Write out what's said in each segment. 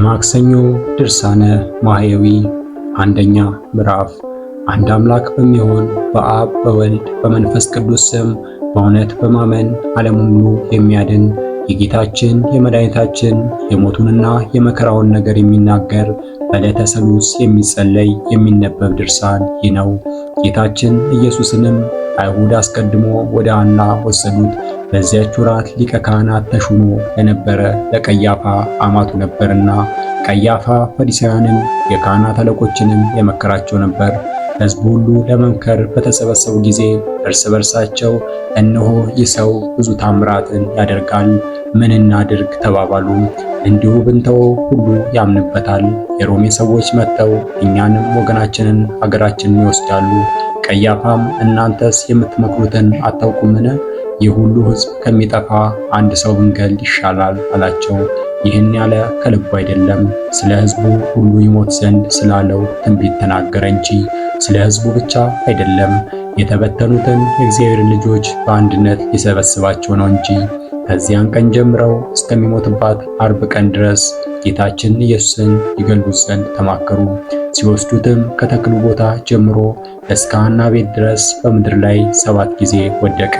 የማክሰኞ ድርሳነ ማህየዊ አንደኛ ምዕራፍ። አንድ አምላክ በሚሆን በአብ በወልድ በመንፈስ ቅዱስ ስም በእውነት በማመን ዓለም ሁሉ የሚያድን የጌታችን የመድኃኒታችን የሞቱንና የመከራውን ነገር የሚናገር በዕለተ ሰሉስ የሚጸለይ የሚነበብ ድርሳን ይህ ነው። ጌታችን ኢየሱስንም አይሁድ አስቀድሞ ወደ አና ወሰዱት። በዚያች ወራት ሊቀ ካህናት ተሹሞ የነበረ ለቀያፋ አማቱ ነበርና ቀያፋ ፈሪሳውያንን የካህናት አለቆችንም የመከራቸው ነበር። ሕዝቡ ሁሉ ለመምከር በተሰበሰቡ ጊዜ እርስ በርሳቸው እነሆ ይህ ሰው ብዙ ታምራትን ያደርጋል ምን እናድርግ ተባባሉ። እንዲሁ ብንተው ሁሉ ያምንበታል። የሮሜ ሰዎች መጥተው እኛንም ወገናችንን አገራችንን ይወስዳሉ። ቀያፋም እናንተስ የምትመክሩትን አታውቁምን? ይህ ሁሉ ሕዝብ ከሚጠፋ አንድ ሰው ብንገል ይሻላል አላቸው። ይህን ያለ ከልቡ አይደለም፣ ስለ ሕዝቡ ሁሉ ይሞት ዘንድ ስላለው ትንቢት ተናገረ እንጂ ስለ ሕዝቡ ብቻ አይደለም። የተበተኑትን የእግዚአብሔር ልጆች በአንድነት ሊሰበስባቸው ነው እንጂ ከዚያን ቀን ጀምረው እስከሚሞትባት አርብ ቀን ድረስ ጌታችን ኢየሱስን ይገልቡት ዘንድ ተማከሩ። ሲወስዱትም ከተክሉ ቦታ ጀምሮ እስከ ሐና ቤት ድረስ በምድር ላይ ሰባት ጊዜ ወደቀ።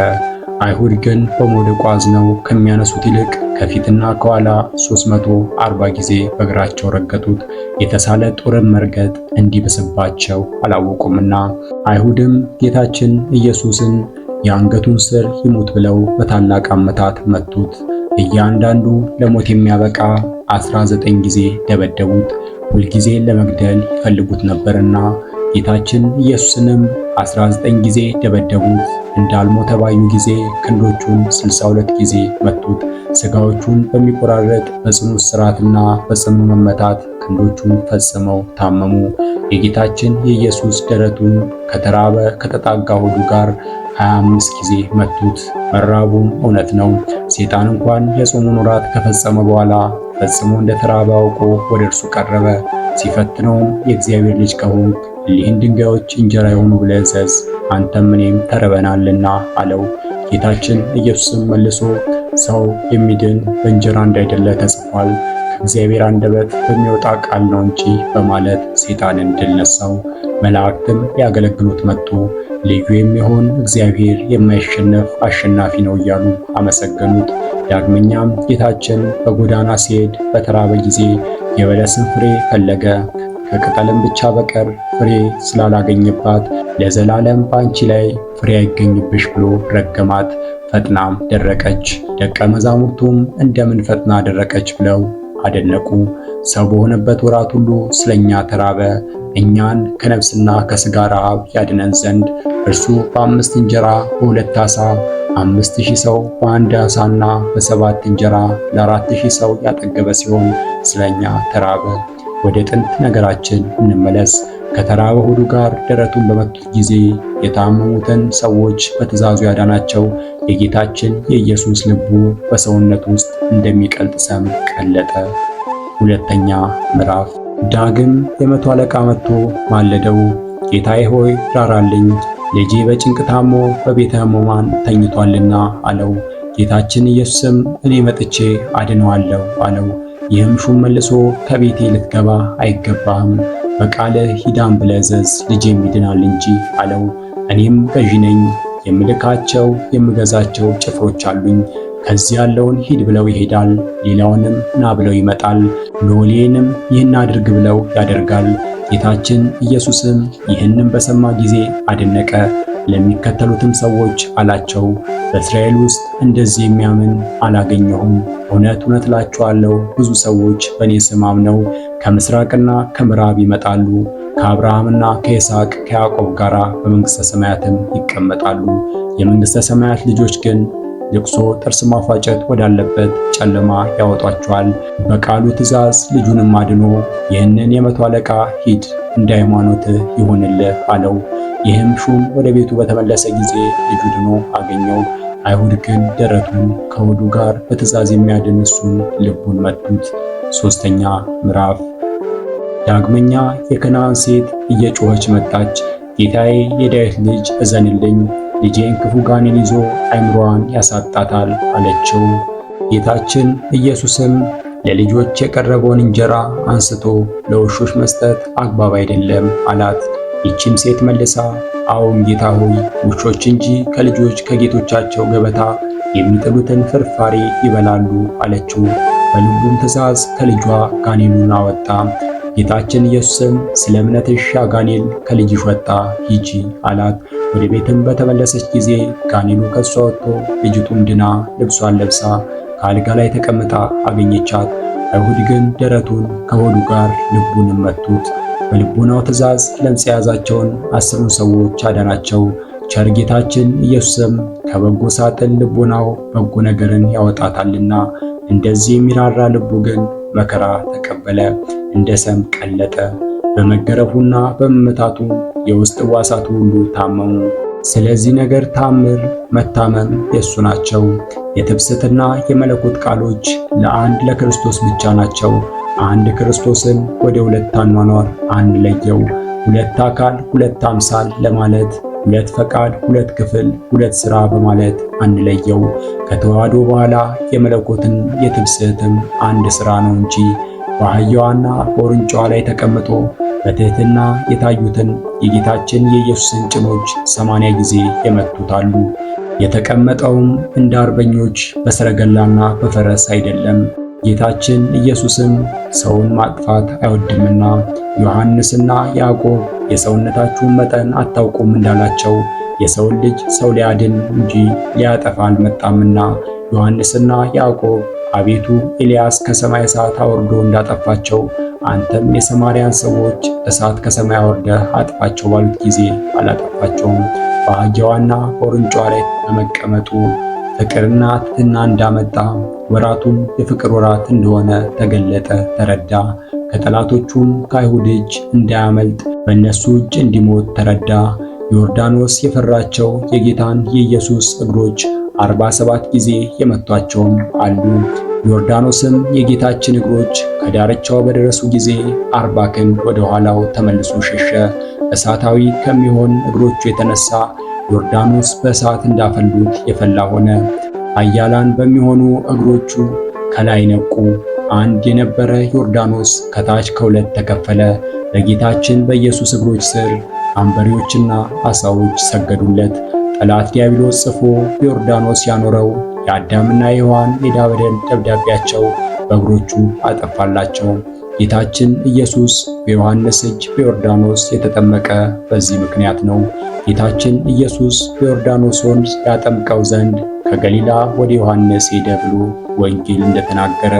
አይሁድ ግን በመውደቁ አዝነው ከሚያነሱት ይልቅ ከፊትና ከኋላ 340 ጊዜ በእግራቸው ረገጡት። የተሳለ ጦርን መርገጥ እንዲብስባቸው አላወቁምና። አይሁድም ጌታችን ኢየሱስን የአንገቱን ስር ይሙት ብለው በታላቅ አመታት መቱት። እያንዳንዱ ለሞት የሚያበቃ 19 ጊዜ ደበደቡት። ሁልጊዜ ለመግደል ይፈልጉት ነበርና ጌታችን ኢየሱስንም 19 ጊዜ ደበደቡት። እንዳልሞተ ባዩ ጊዜ ክንዶቹን 62 ጊዜ መቱት። ስጋዎቹን በሚቆራረጥ በጽኑ ስራትና በጽኑ መመታት ክንዶቹን ፈጽመው ታመሙ። የጌታችን የኢየሱስ ደረቱን ከተራበ ከተጣጋ ሆዱ ጋር ሀያ አምስት ጊዜ መቱት። መራቡም እውነት ነው። ሴጣን እንኳን የጾሙን ወራት ከፈጸመ በኋላ ፈጽሞ እንደተራበ አውቆ ወደ እርሱ ቀረበ። ሲፈትነውም የእግዚአብሔር ልጅ ከሆንክ እሊህን ድንጋዮች እንጀራ የሆኑ ብለህ እዘዝ፣ አንተም እኔም ተርበናልና አለው። ጌታችን ኢየሱስም መልሶ ሰው የሚድን በእንጀራ እንዳይደለ ተጽፏል፣ ከእግዚአብሔር አንደበት በሚወጣ ቃል ነው እንጂ በማለት ሴጣንን ድል ነሳው። መላእክትም ሊያገለግሉት መጡ። ልዩ የሚሆን እግዚአብሔር የማይሸነፍ አሸናፊ ነው እያሉ አመሰገኑት። ዳግመኛም ጌታችን በጎዳና ሲሄድ በተራበ ጊዜ የበለስን ፍሬ ፈለገ፣ ከቅጠልም ብቻ በቀር ፍሬ ስላላገኘባት ለዘላለም በአንቺ ላይ ፍሬ አይገኝብሽ ብሎ ረገማት። ፈጥናም ደረቀች። ደቀ መዛሙርቱም እንደምን ፈጥና ደረቀች ብለው አደነቁ። ሰው በሆነበት ወራት ሁሉ ስለኛ ተራበ። እኛን ከነፍስና ከስጋ ረሃብ ያድነን ዘንድ እርሱ በአምስት እንጀራ በሁለት ዓሣ አምስት ሺህ ሰው በአንድ ዓሣና በሰባት እንጀራ ለአራት ሺህ ሰው ያጠገበ ሲሆን ስለኛ ተራበ። ወደ ጥንት ነገራችን እንመለስ። ከተራበ ሆዱ ጋር ደረቱን በመቱት ጊዜ የታመሙትን ሰዎች በትእዛዙ ያዳናቸው የጌታችን የኢየሱስ ልቡ በሰውነት ውስጥ እንደሚቀልጥ ሰም ቀለጠ። ሁለተኛ ምዕራፍ። ዳግም የመቶ አለቃ መጥቶ ማለደው፣ ጌታዬ ሆይ ራራልኝ፣ ልጄ በጭንቅ ታሞ በቤተ ሕሙማን ተኝቷልና አለው። ጌታችን ኢየሱስም እኔ መጥቼ አድነዋለሁ አለው። ይህም ሹም መልሶ ከቤቴ ልትገባ አይገባህም፣ በቃለ ሂዳም ብለዘዝ እዘዝ፣ ልጄም ይድናል እንጂ አለው። እኔም ገዢ ነኝ የምልካቸው የምገዛቸው ጭፍሮች አሉኝ። ከዚህ ያለውን ሂድ ብለው ይሄዳል፣ ሌላውንም ና ብለው ይመጣል፣ ሎሌንም ይህን አድርግ ብለው ያደርጋል። ጌታችን ኢየሱስም ይህንም በሰማ ጊዜ አደነቀ። ለሚከተሉትም ሰዎች አላቸው፣ በእስራኤል ውስጥ እንደዚህ የሚያምን አላገኘሁም። እውነት እውነት እላችኋለሁ ብዙ ሰዎች በእኔ ስም አምነው ከምስራቅና ከምዕራብ ይመጣሉ ከአብርሃምና ከይስሐቅ ከያዕቆብ ጋር በመንግሥተ ሰማያትም ይቀመጣሉ። የመንግሥተ ሰማያት ልጆች ግን ልቅሶ፣ ጥርስ ማፋጨት ወዳለበት ጨለማ ያወጧቸዋል። በቃሉ ትእዛዝ ልጁንም አድኖ ይህንን የመቶ አለቃ ሂድ እንደ ሃይማኖትህ ይሆንልህ አለው። ይህም ሹም ወደ ቤቱ በተመለሰ ጊዜ ልጁ ድኖ አገኘው። አይሁድ ግን ደረቱን ከሆዱ ጋር በትእዛዝ የሚያድን እሱን ልቡን መቱት። ሦስተኛ ምዕራፍ ዳግመኛ የከነዓን ሴት እየጮኸች መጣች። ጌታዬ የዳዊት ልጅ እዘንልኝ፣ ልጄን ክፉ ጋኔን ይዞ አእምሮዋን ያሳጣታል አለችው። ጌታችን ኢየሱስም ለልጆች የቀረበውን እንጀራ አንስቶ ለውሾች መስጠት አግባብ አይደለም አላት። ይቺም ሴት መልሳ አዎን ጌታ ሆይ፣ ውሾች እንጂ ከልጆች ከጌቶቻቸው ገበታ የሚጥሉትን ፍርፋሬ ይበላሉ አለችው። በልቡም ትእዛዝ ከልጇ ጋኔኑን አወጣ። ጌታችን ኢየሱስም ስለ እምነትሽ አጋኔን ከልጅሽ ወጣ ሂጂ አላት። ወደ ቤትም በተመለሰች ጊዜ ጋኔኑ ከሷ ወጥቶ ልጅቱም ድና ልብሷን ለብሳ ከአልጋ ላይ ተቀምጣ አገኘቻት። አይሁድ ግን ደረቱን ከሆዱ ጋር ልቡንም መቱት። በልቡናው ትእዛዝ ለምጽ የያዛቸውን አስሩን ሰዎች አዳናቸው። ቸር ጌታችን ኢየሱስም ከበጎ ሳጥን ልቡናው በጎ ነገርን ያወጣታልና፣ እንደዚህ የሚራራ ልቡ ግን መከራ ተቀበለ። እንደ ሰም ቀለጠ። በመገረፉና በመመታቱ የውስጥ ሕዋሳቱ ሁሉ ታመሙ። ስለዚህ ነገር ታምር መታመም የእሱ ናቸው። የትብስትና የመለኮት ቃሎች ለአንድ ለክርስቶስ ብቻ ናቸው። አንድ ክርስቶስን ወደ ሁለት አኗኗር አንድ ለየው። ሁለት አካል ሁለት አምሳል ለማለት ሁለት ፈቃድ ሁለት ክፍል ሁለት ሥራ በማለት አንድ ለየው ከተዋህዶ በኋላ የመለኮትን የትብስትም አንድ ሥራ ነው እንጂ በአህያዋና በውርንጫዋ ላይ ተቀምጦ በትህትና የታዩትን የጌታችን የኢየሱስን ጭኖች ሰማንያ ጊዜ የመቱታሉ። የተቀመጠውም እንደ አርበኞች በሰረገላና በፈረስ አይደለም። ጌታችን ኢየሱስም ሰውን ማጥፋት አይወድምና ዮሐንስና ያዕቆብ የሰውነታችሁን መጠን አታውቁም እንዳላቸው የሰውን ልጅ ሰው ሊያድን እንጂ ሊያጠፋ አልመጣምና ዮሐንስና ያዕቆብ አቤቱ ኤልያስ ከሰማይ እሳት አውርዶ እንዳጠፋቸው አንተም የሰማርያን ሰዎች እሳት ከሰማይ አውርደህ አጥፋቸው ባሉት ጊዜ አላጠፋቸውም። በአህያዋና በውርንጫዋ ላይ በመቀመጡ ፍቅርና ትትና እንዳመጣ ወራቱም የፍቅር ወራት እንደሆነ ተገለጠ፣ ተረዳ። ከጠላቶቹም ከአይሁድ እጅ እንዳያመልጥ በእነሱ እጅ እንዲሞት ተረዳ። ዮርዳኖስ የፈራቸው የጌታን የኢየሱስ እግሮች 47 ጊዜ የመቷቸውም አሉ። ዮርዳኖስም የጌታችን እግሮች ከዳርቻው በደረሱ ጊዜ አርባ ክንድ ወደ ኋላው ተመልሶ ሸሸ። እሳታዊ ከሚሆን እግሮቹ የተነሳ ዮርዳኖስ በእሳት እንዳፈሉት የፈላ ሆነ። አያላን በሚሆኑ እግሮቹ ከላይ ነቁ። አንድ የነበረ ዮርዳኖስ ከታች ከሁለት ተከፈለ። በጌታችን በኢየሱስ እግሮች ስር አንበሪዎችና አሳዎች ሰገዱለት። ጠላት ዲያብሎስ ጽፎ ዮርዳኖስ ያኖረው የአዳምና የሔዋን ዕዳ በደል ደብዳቤያቸው በእግሮቹ አጠፋላቸው። ጌታችን ኢየሱስ በዮሐንስ እጅ በዮርዳኖስ የተጠመቀ በዚህ ምክንያት ነው። ጌታችን ኢየሱስ በዮርዳኖስ ወንዝ ያጠምቀው ዘንድ ከገሊላ ወደ ዮሐንስ ሄደ ብሎ ወንጌል እንደተናገረ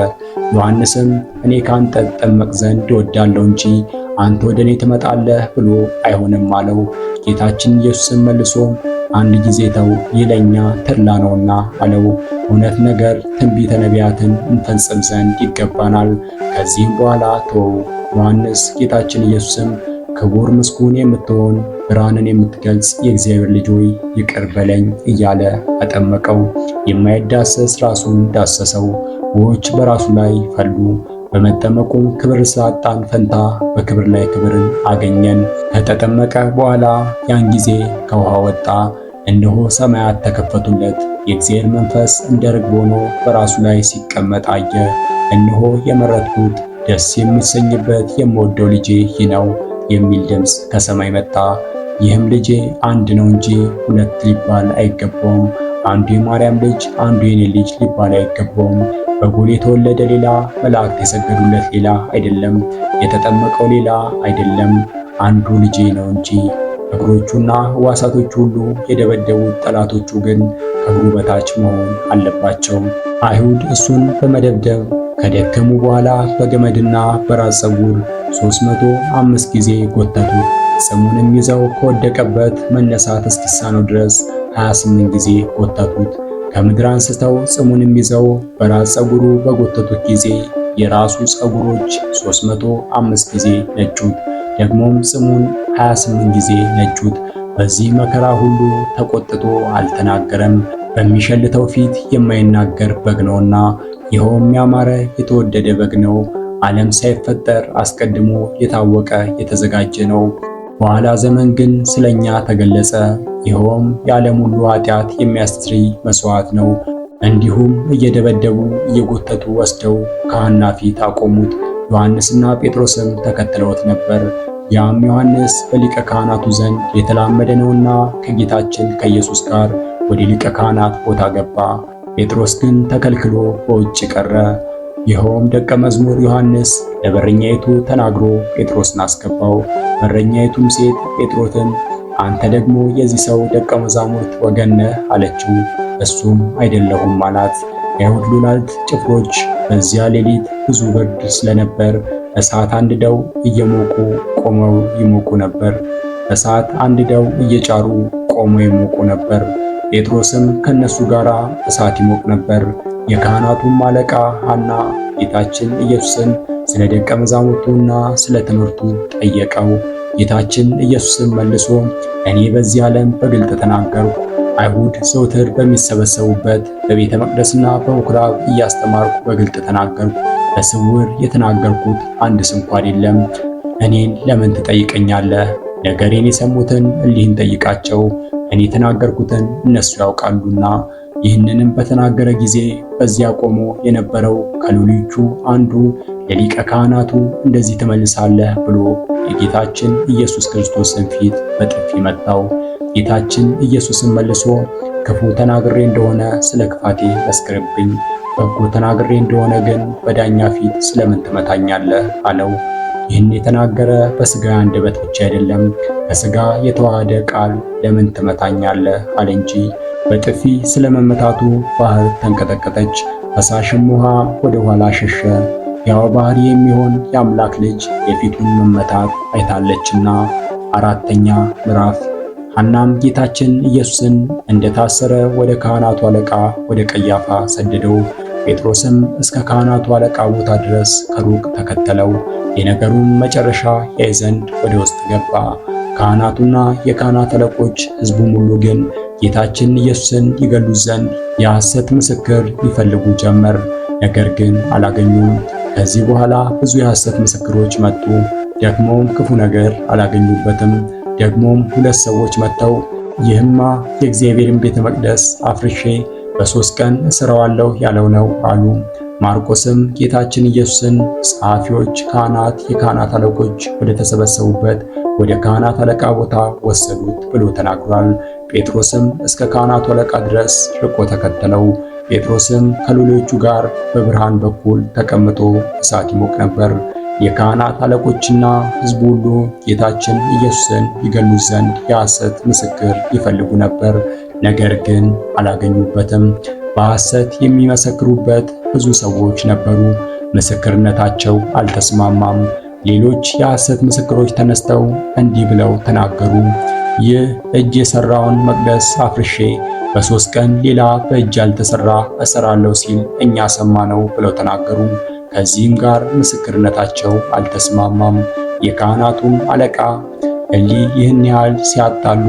ዮሐንስም እኔ ካንተ ጠመቅ ዘንድ እወዳለሁ እንጂ አንተ ወደ እኔ ትመጣለህ ብሎ አይሆንም አለው። ጌታችን ኢየሱስም መልሶ አንድ ጊዜ ተው ይለኛ ትርላ ነውና አለው። እውነት ነገር ትንቢተ ነቢያትን እንፈጽም ዘንድ ይገባናል። ከዚህም በኋላ ተወው። ዮሐንስ ጌታችን ኢየሱስም ክቡር ምስኩን የምትሆን ብርሃንን የምትገልጽ የእግዚአብሔር ልጅ ሆይ ይቅር በለኝ እያለ አጠመቀው። የማይዳሰስ ራሱን ዳሰሰው፣ ውኆች በራሱ ላይ ፈሉ። በመጠመቁም ክብር ስላጣን ፈንታ በክብር ላይ ክብርን አገኘን። ከተጠመቀ በኋላ ያን ጊዜ ከውሃ ወጣ። እነሆ ሰማያት ተከፈቱለት፣ የእግዚአብሔር መንፈስ እንደ ርግብ ሆኖ በራሱ ላይ ሲቀመጥ አየ። እነሆ የመረጥኩት ደስ የሚሰኝበት የምወደው ልጄ ይህ ነው የሚል ድምፅ ከሰማይ መጣ። ይህም ልጄ አንድ ነው እንጂ ሁለት ሊባል አይገባውም። አንዱ የማርያም ልጅ፣ አንዱ የኔ ልጅ ሊባል አይገባውም። በጎል የተወለደ ሌላ፣ መላእክት የሰገዱለት ሌላ አይደለም፣ የተጠመቀው ሌላ አይደለም፣ አንዱ ልጄ ነው እንጂ እግሮቹና ህዋሳቶቹ ሁሉ የደበደቡት ጠላቶቹ ግን ከእግሩ በታች መሆን አለባቸው። አይሁድ እሱን በመደብደብ ከደከሙ በኋላ በገመድና በራስ ጸጉር ሦስት መቶ አምስት ጊዜ ጎተቱ። ጽሙንም ይዘው ከወደቀበት መነሳት እስኪሳነው ድረስ 28 ጊዜ ጎተቱት። ከምድር አንስተው ጽሙንም ይዘው በራስ ጸጉሩ በጎተቱት ጊዜ የራሱ ጸጉሮች 305 ጊዜ ነጩት። ደግሞም ጽሙን 28 ጊዜ ነጩት። በዚህ መከራ ሁሉ ተቆጥቶ አልተናገረም። በሚሸልተው ፊት የማይናገር በግ ነውና፣ ይኸውም ያማረ የተወደደ በግ ነው። ዓለም ሳይፈጠር አስቀድሞ የታወቀ የተዘጋጀ ነው። በኋላ ዘመን ግን ስለኛ ተገለጸ። ይኸውም የዓለም ሁሉ ኃጢአት የሚያስተስርይ መስዋዕት ነው። እንዲሁም እየደበደቡ እየጎተቱ ወስደው ካህናት ፊት አቆሙት። ዮሐንስና ጴጥሮስም ተከትለውት ነበር። ያም ዮሐንስ በሊቀ ካህናቱ ዘንድ የተላመደ ነውና ከጌታችን ከኢየሱስ ጋር ወደ ሊቀ ካህናት ቦታ ገባ። ጴጥሮስ ግን ተከልክሎ በውጭ ቀረ። ይኸውም ደቀ መዝሙር ዮሐንስ ለበረኛይቱ ተናግሮ ጴጥሮስን አስገባው። በረኛይቱም ሴት ጴጥሮትን አንተ ደግሞ የዚህ ሰው ደቀ መዛሙርት ወገን ነህ አለችው። እሱም አይደለሁም አላት። የሁሉ ሉላልት ጭፍሮች በዚያ ሌሊት ብዙ ብርድ ስለነበር እሳት አንድደው እየሞቁ ቆመው ይሞቁ ነበር። እሳት አንድደው እየጫሩ ቆመው ይሞቁ ነበር። ጴጥሮስም ከነሱ ጋር እሳት ይሞቅ ነበር። የካህናቱም አለቃ ሐና ጌታችን ኢየሱስን ስለ ደቀ መዛሙርቱና ስለ ትምህርቱ ጠየቀው። ጌታችን ኢየሱስን መልሶ እኔ በዚህ ዓለም በግልጥ ተናገርኩ። አይሁድ ዘውትር በሚሰበሰቡበት በቤተ መቅደስና በምኩራብ እያስተማርኩ በግልጥ ተናገርኩ። በስውር የተናገርኩት አንድ እንኳን የለም። እኔን ለምን ትጠይቀኛለህ? ነገሬን የሰሙትን እሊህን ጠይቃቸው፣ እኔ የተናገርኩትን እነሱ ያውቃሉና። ይህንንም በተናገረ ጊዜ በዚያ ቆሞ የነበረው ከሌሎቹ አንዱ ለሊቀ ካህናቱ እንደዚህ ትመልሳለህ ብሎ የጌታችን ኢየሱስ ክርስቶስን ፊት በጥፊ መታው። ጌታችን ኢየሱስን መልሶ ክፉ ተናግሬ እንደሆነ ስለ ክፋቴ መስክርብኝ በጎ ተናግሬ እንደሆነ ግን በዳኛ ፊት ስለምን ትመታኛለህ? አለው። ይህን የተናገረ በስጋ አንደበት ብቻ አይደለም፣ በስጋ የተዋሃደ ቃል ለምን ትመታኛለህ አለ እንጂ። በጥፊ ስለመመታቱ ባህር ተንቀጠቀጠች፣ ፈሳሽም ውሃ ወደ ኋላ ሸሸ። ያው ባህር የሚሆን የአምላክ ልጅ የፊቱን መመታት አይታለችና። አራተኛ ምዕራፍ ሐናም ጌታችን ኢየሱስን እንደታሰረ ወደ ካህናቱ አለቃ ወደ ቀያፋ ሰደደው። ጴጥሮስም እስከ ካህናቱ አለቃ ቦታ ድረስ ከሩቅ ተከተለው። የነገሩን መጨረሻ ያይ ዘንድ ወደ ውስጥ ገባ። ካህናቱና የካህናት አለቆች ሕዝቡ ሙሉ ግን ጌታችን ኢየሱስን ይገሉት ዘንድ የሐሰት ምስክር ይፈልጉ ጀመር። ነገር ግን አላገኙም። ከዚህ በኋላ ብዙ የሐሰት ምስክሮች መጡ። ደግሞም ክፉ ነገር አላገኙበትም። ደግሞም ሁለት ሰዎች መጥተው ይህማ የእግዚአብሔርን ቤተ መቅደስ አፍርሼ በሦስት ቀን እሰራዋለሁ ያለው ነው አሉ። ማርቆስም ጌታችን ኢየሱስን ጸሐፊዎች፣ ካህናት፣ የካህናት አለቆች ወደ ተሰበሰቡበት ወደ ካህናት አለቃ ቦታ ወሰዱት ብሎ ተናግሯል። ጴጥሮስም እስከ ካህናቱ አለቃ ድረስ ርቆ ተከተለው። ጴጥሮስም ከሎሌዎቹ ጋር በብርሃን በኩል ተቀምጦ እሳት ይሞቅ ነበር። የካህናት አለቆችና ሕዝቡ ሁሉ ጌታችን ኢየሱስን ይገሉት ዘንድ የሐሰት ምስክር ይፈልጉ ነበር። ነገር ግን አላገኙበትም። በሐሰት የሚመሰክሩበት ብዙ ሰዎች ነበሩ። ምስክርነታቸው አልተስማማም። ሌሎች የሐሰት ምስክሮች ተነስተው እንዲህ ብለው ተናገሩ። ይህ እጅ የሰራውን መቅደስ አፍርሼ በሶስት ቀን ሌላ በእጅ ያልተሰራ እሰራለሁ ሲል እኛ ሰማነው ብለው ተናገሩ። ከዚህም ጋር ምስክርነታቸው አልተስማማም። የካህናቱም አለቃ እንጂ ይህን ያህል ሲያጣሉ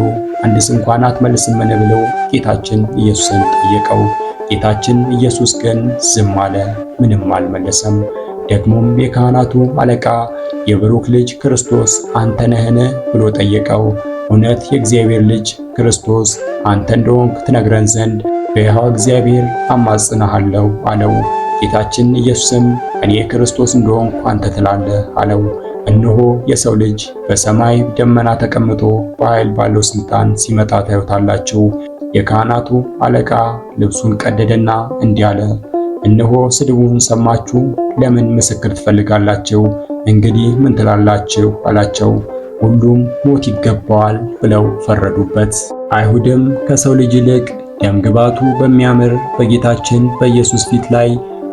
አንድስ እንኳን አትመልስምን ብለው ጌታችን ኢየሱስን ጠየቀው። ጌታችን ኢየሱስ ግን ዝም አለ፣ ምንም አልመለሰም። ደግሞም የካህናቱ አለቃ የብሩክ ልጅ ክርስቶስ አንተ ነህን ብሎ ጠየቀው። እውነት የእግዚአብሔር ልጅ ክርስቶስ አንተ እንደሆንክ ትነግረን ዘንድ በሕያው እግዚአብሔር አማጽንሃለሁ አለው። ጌታችን ኢየሱስም እኔ ክርስቶስ እንደሆንኩ አንተ ትላለህ አለው። እነሆ የሰው ልጅ በሰማይ ደመና ተቀምጦ በኃይል ባለው ስልጣን ሲመጣ ታዩታላችሁ። የካህናቱ አለቃ ልብሱን ቀደደና እንዲህ አለ፣ እነሆ ስድቡን ሰማችሁ፣ ለምን ምስክር ትፈልጋላችሁ? እንግዲህ ምን ትላላችሁ አላቸው። ሁሉም ሞት ይገባዋል ብለው ፈረዱበት። አይሁድም ከሰው ልጅ ይልቅ ደምግባቱ በሚያምር በጌታችን በኢየሱስ ፊት ላይ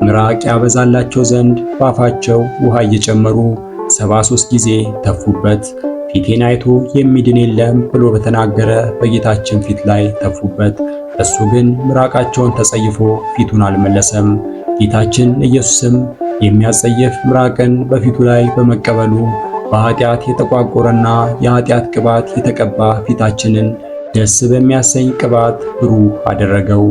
ምራቅ ያበዛላቸው ዘንድ ባፋቸው ውሃ እየጨመሩ 73 ጊዜ ተፉበት። ፊቴን አይቶ የሚድን የለም ብሎ በተናገረ በጌታችን ፊት ላይ ተፉበት። እሱ ግን ምራቃቸውን ተጸይፎ ፊቱን አልመለሰም። ጌታችን ኢየሱስም የሚያጸየፍ ምራቅን በፊቱ ላይ በመቀበሉ በኃጢአት የተቋቆረና የኃጢአት ቅባት የተቀባ ፊታችንን ደስ በሚያሰኝ ቅባት ብሩህ አደረገው።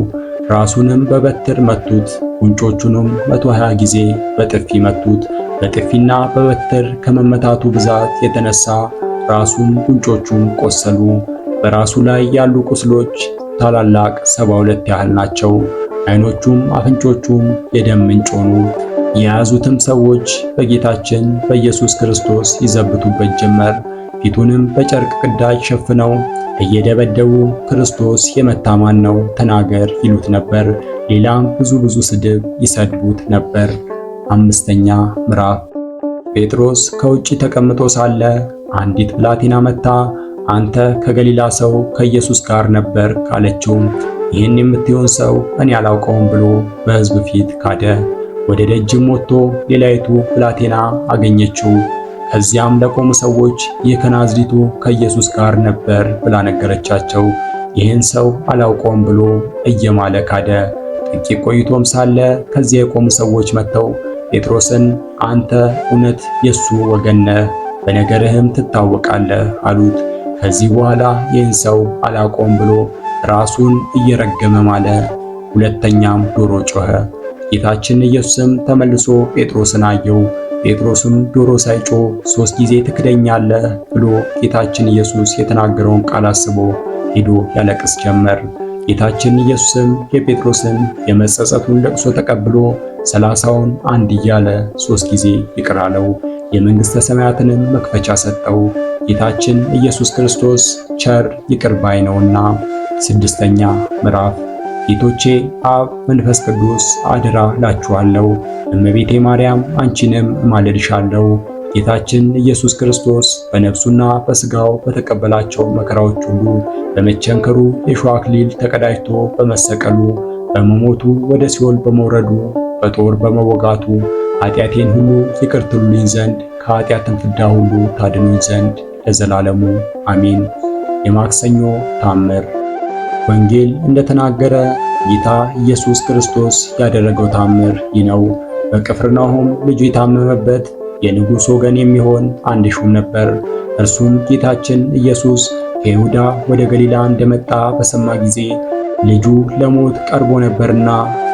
ራሱንም በበትር መቱት፣ ጉንጮቹንም መቶ ሃያ ጊዜ በጥፊ መቱት። በጥፊና በበትር ከመመታቱ ብዛት የተነሳ ራሱም ጉንጮቹም ቆሰሉ። በራሱ ላይ ያሉ ቁስሎች ታላላቅ ሰባ ሁለት ያህል ናቸው። አይኖቹም አፍንጮቹም የደም ምንጭ ሆኑ። የያዙትም ሰዎች በጌታችን በኢየሱስ ክርስቶስ ይዘብቱበት ጀመር። ፊቱንም በጨርቅ ቅዳጅ ሸፍነው እየደበደቡ ክርስቶስ የመታ ማን ነው? ተናገር ይሉት ነበር። ሌላም ብዙ ብዙ ስድብ ይሰድቡት ነበር። አምስተኛ ምዕራፍ ጴጥሮስ ከውጪ ተቀምጦ ሳለ አንዲት ብላቴና መጣ። አንተ ከገሊላ ሰው ከኢየሱስ ጋር ነበር ካለችውም ይህን የምትሆን ሰው እኔ አላውቀውም ብሎ በሕዝብ ፊት ካደ። ወደ ደጅም ወጥቶ ሌላይቱ ብላቴና አገኘችው። ከዚያም ለቆሙ ሰዎች ይህ ከናዝሪቱ ከኢየሱስ ጋር ነበር ብላ ነገረቻቸው። ይህን ሰው አላውቀውም ብሎ እየማለ ካደ። ጥቂት ቆይቶም ሳለ ከዚያ የቆሙ ሰዎች መጥተው ጴጥሮስን አንተ እውነት የሱ ወገን ነህ፣ በነገርህም ትታወቃለህ አሉት። ከዚህ በኋላ ይህን ሰው አላቆም ብሎ ራሱን እየረገመ ማለ። ሁለተኛም ዶሮ ጮኸ። ጌታችን ኢየሱስም ተመልሶ ጴጥሮስን አየው። ጴጥሮስም ዶሮ ሳይጮ ሦስት ጊዜ ትክደኛለህ ብሎ ጌታችን ኢየሱስ የተናገረውን ቃል አስቦ ሄዶ ያለቅስ ጀመር። ጌታችን ኢየሱስም የጴጥሮስን የመጸጸቱን ለቅሶ ተቀብሎ ሰላሳውን አንድ እያለ ሦስት ጊዜ ይቅር አለው። የመንግሥተ ሰማያትንም መክፈቻ ሰጠው። ጌታችን ኢየሱስ ክርስቶስ ቸር ይቅር ባይ ነውና። ስድስተኛ ምዕራፍ ጌቶቼ አብ መንፈስ ቅዱስ አደራ ላችኋለሁ፣ እመቤቴ ማርያም አንቺንም እማልድሻለሁ። ጌታችን ኢየሱስ ክርስቶስ በነፍሱና በሥጋው በተቀበላቸው መከራዎች ሁሉ በመቸንከሩ የሾህ አክሊል ተቀዳጅቶ በመሰቀሉ በመሞቱ ወደ ሲኦል በመውረዱ በጦር በመወጋቱ ኃጢአቴን ሁሉ ይቅር ትሉልኝ ዘንድ ከኃጢአትም ፍዳ ሁሉ ታድኑኝ ዘንድ ለዘላለሙ አሜን። የማክሰኞ ታምር ወንጌል እንደተናገረ ጌታ ኢየሱስ ክርስቶስ ያደረገው ታምር ይህ ነው። በቅፍርናሆም ልጁ የታመመበት የንጉሥ ወገን የሚሆን አንድ ሹም ነበር። እርሱም ጌታችን ኢየሱስ ከይሁዳ ወደ ገሊላ እንደመጣ በሰማ ጊዜ ልጁ ለሞት ቀርቦ ነበርና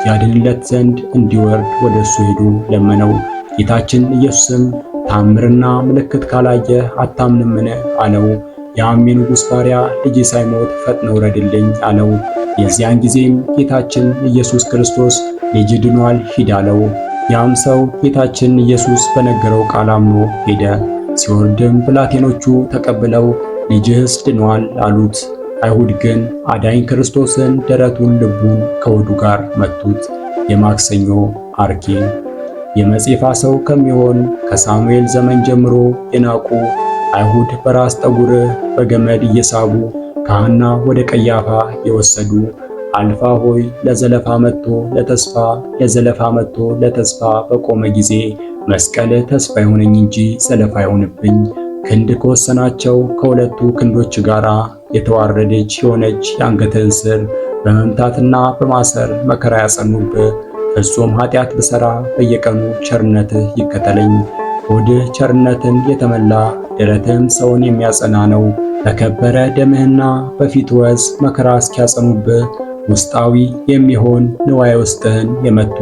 ያድንለት ዘንድ እንዲወርድ ወደ እሱ ሄዱ ለመነው። ጌታችን ኢየሱስም ታምርና ምልክት ካላየ አታምንምን አለው። ያም የንጉሥ ባሪያ ልጅ ሳይሞት ፈጥነ ውረድልኝ አለው። የዚያን ጊዜም ጌታችን ኢየሱስ ክርስቶስ ልጅ ድኗል፣ ሂድ አለው። ያም ሰው ጌታችን ኢየሱስ በነገረው ቃል አምኖ ሄደ። ሲወርድም ብላቴኖቹ ተቀብለው ልጅህስ ድኗል አሉት። አይሁድ ግን አዳኝ ክርስቶስን ደረቱን ልቡን ከወዱ ጋር መቱት። የማክሰኞ አርኬ የመጽሐፋ ሰው ከሚሆን ከሳሙኤል ዘመን ጀምሮ የናቁ አይሁድ በራስ ጠጉር በገመድ እየሳቡ ከሐና ወደ ቀያፋ የወሰዱ አልፋ ሆይ ለዘለፋ መጥቶ ለተስፋ ለዘለፋ መጥቶ ለተስፋ በቆመ ጊዜ መስቀል ተስፋ ይሁነኝ እንጂ ዘለፋ ይሁንብኝ ክንድ ከወሰናቸው ከሁለቱ ክንዶች ጋር የተዋረደች የሆነች የአንገትህን ስር በመምታትና በማሰር መከራ ያጸኑብህ። ፍጹም ኃጢአት ብሠራ በየቀኑ ቸርነትህ ይከተለኝ። ሆድህ ቸርነትን የተመላ ደረትህም ሰውን የሚያጸና ነው። በከበረ ደምህና በፊት ወዝ መከራ እስኪያጸኑብህ ውስጣዊ የሚሆን ንዋይ ውስጥህን የመቱ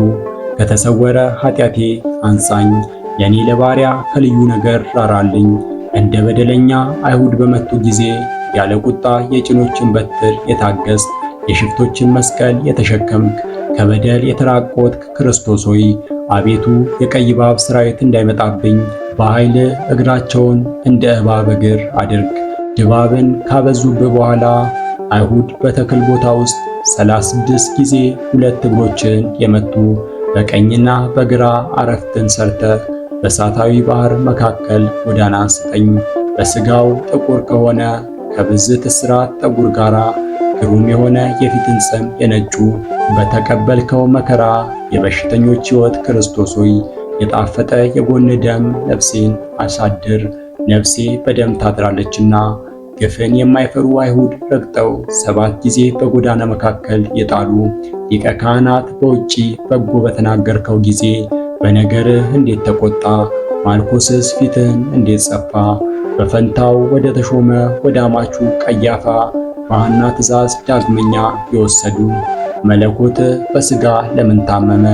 ከተሰወረ ኃጢአቴ አንጻኝ። የኔ ለባሪያ ከልዩ ነገር ራራልኝ። እንደ በደለኛ አይሁድ በመቱ ጊዜ ያለ ቁጣ የጭኖችን በትር የታገስ የሽፍቶችን መስቀል የተሸከምክ ከበደል የተራቆትክ ክርስቶስ ሆይ አቤቱ የቀይ እባብ ሥራዊት እንዳይመጣብኝ በኃይል እግራቸውን እንደ እባብ እግር አድርግ። ድባብን ካበዙብህ በኋላ አይሁድ በተክል ቦታ ውስጥ 36 ጊዜ ሁለት እግሮችን የመቱ በቀኝና በግራ አረፍትን ሰርተ በእሳታዊ ባህር መካከል ጎዳና ስጠኝ። በስጋው ጥቁር ከሆነ ከብዝት እስራት ጠጉር ጋር ግሩም የሆነ የፊትን ጽም የነጩ በተቀበልከው መከራ የበሽተኞች ሕይወት ክርስቶስ ሆይ የጣፈጠ የጎን ደም ነፍሴን አሳድር። ነፍሴ በደም ታድራለችና ግፍን የማይፈሩ አይሁድ ረግጠው ሰባት ጊዜ በጎዳና መካከል የጣሉ ሊቀ ካህናት በውጪ በጎ በተናገርከው ጊዜ በነገርህ እንዴት ተቆጣ? ማልኮስስ ፊትህን እንዴት ጸፋ? በፈንታው ወደ ተሾመ ወደ አማቹ ቀያፋ በሐና ትእዛዝ ዳግመኛ የወሰዱ መለኮት በስጋ ለምን ታመመ?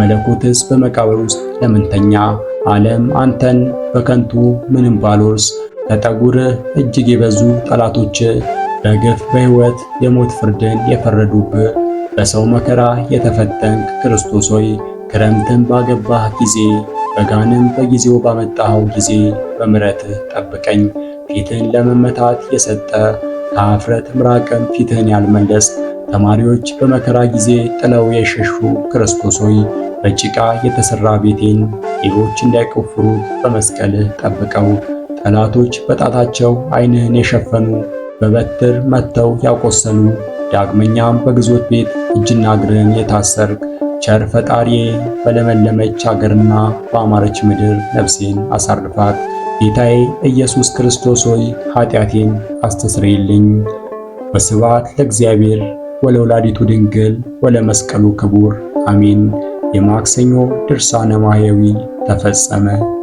መለኮትስ በመቃብር ውስጥ ለምንተኛ? ዓለም አንተን በከንቱ ምንም ባሎርስ ከጠጉርህ እጅግ የበዙ ጠላቶች በግፍ በሕይወት የሞት ፍርድን የፈረዱብ በሰው መከራ የተፈተንክ ክርስቶስ ሆይ ክረምትን ባገባህ ጊዜ በጋንም በጊዜው ባመጣኸው ጊዜ በምረት ጠብቀኝ። ፊትህን ለመመታት የሰጠ ከአፍረት ምራቅም ፊትህን ያልመለስ ተማሪዎች በመከራ ጊዜ ጥለው የሸሹ ክርስቶስ ሆይ በጭቃ የተሠራ ቤቴን ሌሎች እንዳይቆፍሩት በመስቀልህ ጠብቀው። ጠላቶች በጣታቸው ዓይንህን የሸፈኑ በበትር መጥተው ያቆሰሉ ዳግመኛም በግዞት ቤት እጅና እግርህን የታሰርክ ቸር ፈጣሪዬ በለመለመች አገርና በአማረች ምድር ነፍሴን አሳርፋት። ጌታዬ ኢየሱስ ክርስቶስ ሆይ ኃጢአቴን አስተስርይልኝ። ወስብሐት ለእግዚአብሔር ወለወላዲቱ ድንግል ወለመስቀሉ ክቡር አሜን። የማክሰኞ ድርሳነ ማሕየዊ ተፈጸመ።